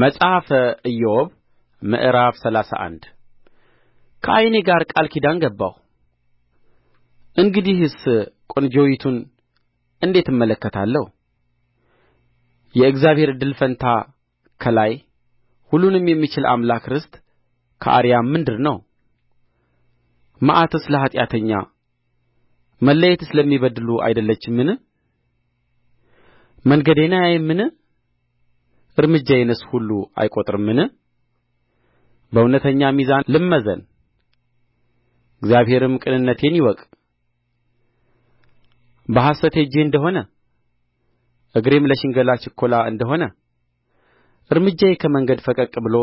መጽሐፈ ኢዮብ ምዕራፍ ሰላሳ አንድ ከዓይኔ ጋር ቃል ኪዳን ገባሁ። እንግዲህስ ቆንጆይቱን እንዴት እመለከታለሁ? የእግዚአብሔር እድል ፈንታ ከላይ ሁሉንም የሚችል አምላክ ርስት ከአርያም ምንድር ነው? መዓትስ ለኃጢአተኛ መለየትስ ለሚበድሉ አይደለችምን? መንገዴን አያይምን? እርምጃዬንስ ሁሉ አይቈጥርምን በእውነተኛ ሚዛን ልመዘን እግዚአብሔርም ቅንነቴን ይወቅ በሐሰት ሄጄ እንደ ሆነ እግሬም ለሽንገላ ችኰላ እንደ ሆነ እርምጃዬ ከመንገድ ፈቀቅ ብሎ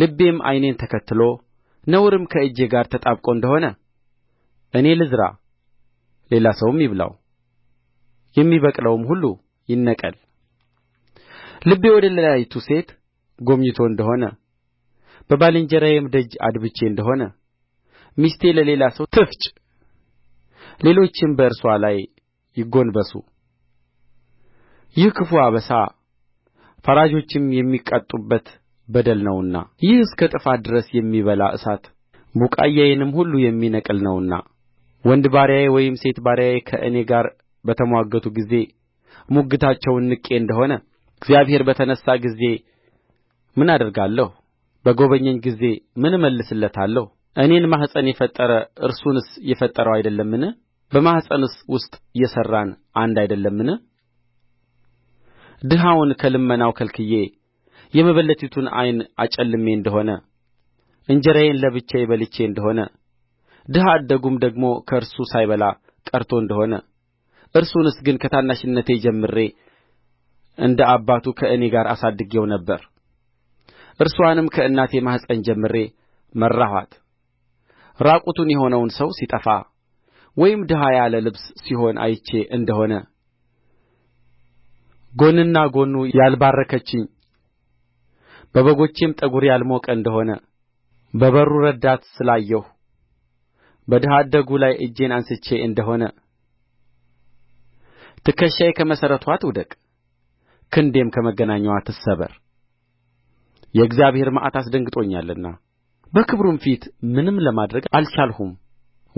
ልቤም ዓይኔን ተከትሎ ነውርም ከእጄ ጋር ተጣብቆ እንደ ሆነ እኔ ልዝራ ሌላ ሰውም ይብላው የሚበቅለውም ሁሉ ይነቀል ልቤ ወደ ሌላይቱ ሴት ጐምጅቶ እንደ ሆነ በባልንጀራዬም ደጅ አድብቼ እንደ ሆነ ሚስቴ ለሌላ ሰው ትፍጭ ሌሎችም በእርስዋ ላይ ይጐንበሱ ይህ ክፉ አበሳ ፈራጆችም የሚቀጡበት በደል ነውና ይህ እስከ ጥፋት ድረስ የሚበላ እሳት ቡቃያዬንም ሁሉ የሚነቅል ነውና ወንድ ባሪያዬ ወይም ሴት ባሪያዬ ከእኔ ጋር በተምዋገቱ ጊዜ ሙግታቸውን ንቄ እንደ ሆነ እግዚአብሔር በተነሣ ጊዜ ምን አደርጋለሁ በጐበኘኝ ጊዜ ምን እመልስለታለሁ እኔን ማኅፀን የፈጠረ እርሱንስ የፈጠረው አይደለምን በማኅፀንስ ውስጥ የሠራን አንድ አይደለምን ድሀውን ከልመናው ከልክዬ የመበለቲቱን ዓይን አጨልሜ እንደ ሆነ እንጀራዬን ለብቻዬ በልቼ እንደ ሆነ ድሀ አደጉም ደግሞ ከእርሱ ሳይበላ ቀርቶ እንደ ሆነ እርሱንስ ግን ከታናሽነቴ ጀምሬ እንደ አባቱ ከእኔ ጋር አሳድጌው ነበር እርስዋንም ከእናቴ ማኅፀን ጀምሬ መራኋት ራቁቱን የሆነውን ሰው ሲጠፋ ወይም ድሀ ያለ ልብስ ሲሆን አይቼ እንደሆነ ጎንና ጎኑ ያልባረከችኝ በበጎቼም ጠጕር ያልሞቀ እንደሆነ በበሩ ረዳት ስላየሁ በድሀ አደጉ ላይ እጄን አንሥቼ እንደሆነ ትከሻዬ ከመሠረትዋ ትውደቅ ክንዴም ከመገናኛዋ ትሰበር የእግዚአብሔር መዓት አስደንግጦኛልና በክብሩም ፊት ምንም ለማድረግ አልቻልሁም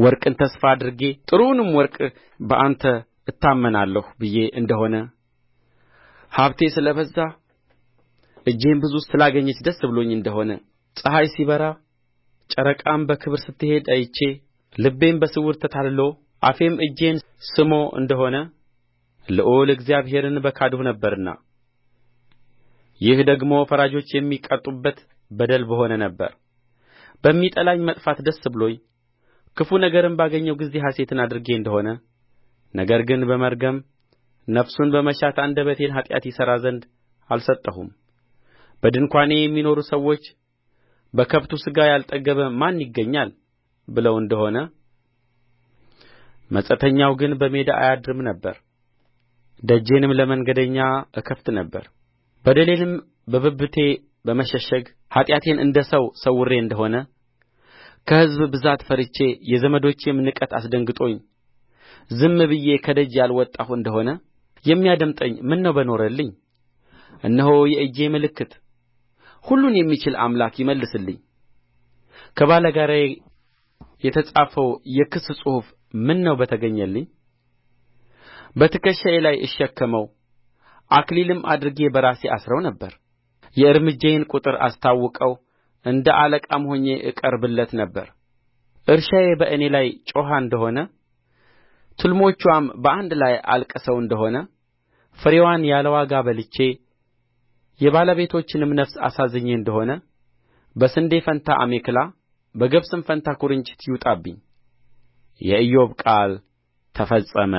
ወርቅን ተስፋ አድርጌ ጥሩውንም ወርቅ በአንተ እታመናለሁ ብዬ እንደ ሆነ ሀብቴ ስለ በዛ እጄም ብዙ ስላገኘች ደስ ብሎኝ እንደ ሆነ ፀሐይ ሲበራ ጨረቃም በክብር ስትሄድ አይቼ ልቤም በስውር ተታልሎ አፌም እጄን ስሞ እንደ ሆነ ልዑል እግዚአብሔርን በካድሁ ነበርና ይህ ደግሞ ፈራጆች የሚቀጡበት በደል በሆነ ነበር በሚጠላኝ መጥፋት ደስ ብሎኝ ክፉ ነገርም ባገኘሁ ጊዜ ሐሤትን አድርጌ እንደ ሆነ ነገር ግን በመርገም ነፍሱን በመሻት አንደበቴን ኃጢአት ይሠራ ዘንድ አልሰጠሁም በድንኳኔ የሚኖሩ ሰዎች በከብቱ ሥጋ ያልጠገበ ማን ይገኛል ብለው እንደ ሆነ መጻተኛው ግን በሜዳ አያድርም ነበር ደጄንም ለመንገደኛ እከፍት ነበር በደሌንም በብብቴ በመሸሸግ ኃጢአቴን እንደ ሰው ሰውሬ እንደ ሆነ ከሕዝብ ብዛት ፈርቼ የዘመዶቼም ንቀት አስደንግጦኝ ዝም ብዬ ከደጅ ያልወጣሁ እንደ ሆነ የሚያደምጠኝ ምነው በኖረልኝ እነሆ የእጄ ምልክት ሁሉን የሚችል አምላክ ይመልስልኝ ከባላጋራዬ የተጻፈው የክስ ጽሑፍ ምነው በተገኘልኝ በትከሻዬ ላይ እሸከመው አክሊልም አድርጌ በራሴ አስረው ነበር የእርምጃዬን ቍጥር አስታውቀው እንደ አለቃም ሆኜ እቀርብለት ነበር እርሻዬ በእኔ ላይ ጮኻ እንደ ሆነ ትልሞችዋም በአንድ ላይ አልቅሰው እንደ ሆነ ፍሬዋን ያለ ዋጋ በልቼ የባለቤቶችንም ነፍስ አሳዝኜ እንደ ሆነ በስንዴ ፈንታ አሜከላ በገብስም ፈንታ ኵርንችት ይውጣብኝ የኢዮብ ቃል ተፈጸመ